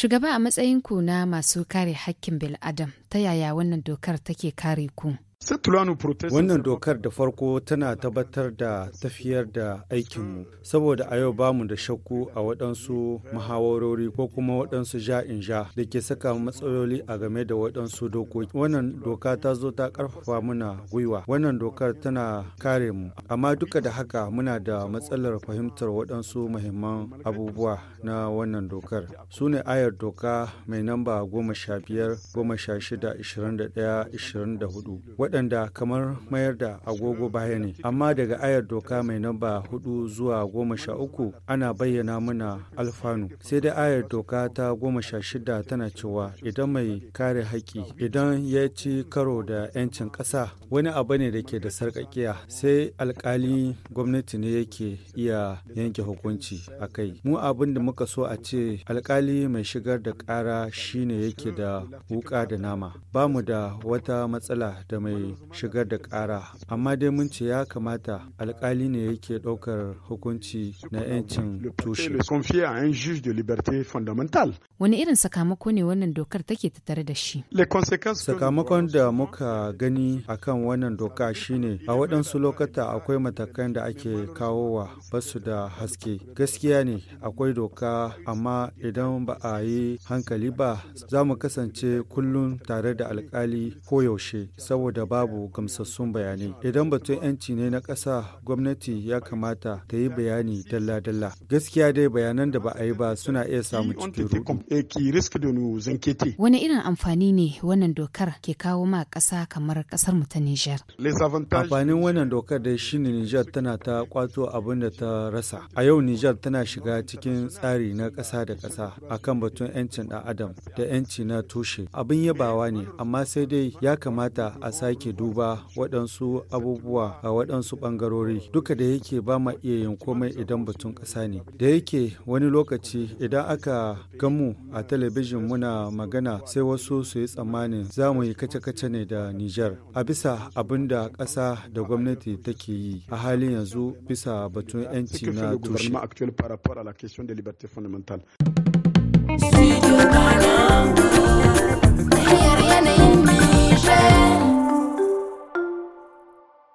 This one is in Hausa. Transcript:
Shugaba a matsayinku na masu kare hakkin bil'adam, ta yaya wannan dokar take kare ku? Wannan dokar da farko tana tabbatar da tafiyar da aikinmu, saboda a yau bamu da shakku a waɗansu muhawarori ko kuma waɗansu ja-in-ja da ke saka matsaloli a game da waɗansu dokoki. Wannan doka ta zo ta ƙarfafa muna gwiwa. Wannan dokar tana kare mu, amma duka da haka muna da matsalar fahimtar waɗansu muhimman abubuwa na wannan dokar. Su ayar doka mai namba goma sha biyar, goma sha shida, ishirin da ɗaya, ishirin da hudu. waɗanda kamar mayar da agogo baya ne amma daga ayar doka mai namba huɗu zuwa goma uku ana bayyana mana alfanu sai dai ayar doka ta goma sha tana cewa idan mai kare haƙƙi idan ya ci karo da 'yancin ƙasa wani abu ne da ke da sarƙaƙiya sai alƙali gwamnati ne yake iya yanke hukunci a kai mu abin da muka so a ce alƙali mai shigar da ƙara shine yake da wuƙa da nama ba mu da wata matsala da mai shigar da ƙara amma dai mun ce ya kamata alkali ne yake ɗaukar hukunci na 'yancin tushe wani irin sakamako ne wannan dokar take tattare da shi sakamakon da muka gani akan wannan doka shine a waɗansu lokata akwai matakan da ake kawo wa basu da haske gaskiya ne akwai doka amma idan ba a yi hankali ba za mu kasance kullum tare da alkali koyaushe saboda babu gamsassun bayanai. Idan batun 'yanci ne na ƙasa gwamnati ya kamata ta yi bayani dalla-dalla. Gaskiya dai bayanan da ba a yi ba suna iya samu cikin Wani irin amfani ne wannan dokar ke kawo ma ƙasa kamar ƙasar mu ta Nijar? Amfanin wannan dokar dai ne Nijar tana ta kwato abin da ta rasa. A yau Nijar tana shiga cikin tsari na ƙasa da ƙasa akan batun 'yancin ɗan adam da 'yanci na tushe. Abin yabawa ne amma sai dai ya kamata a sake yake duba waɗansu abubuwa a waɗansu ɓangarori duka da yake ba ma iya yin komai idan batun ƙasa ne da yake wani lokaci idan aka gamu a talabijin muna magana sai wasu su yi tsammanin za mu yi kace-kace ne da Nijar a bisa abin da ƙasa da gwamnati take yi a halin yanzu bisa batun 'yanci na tushe.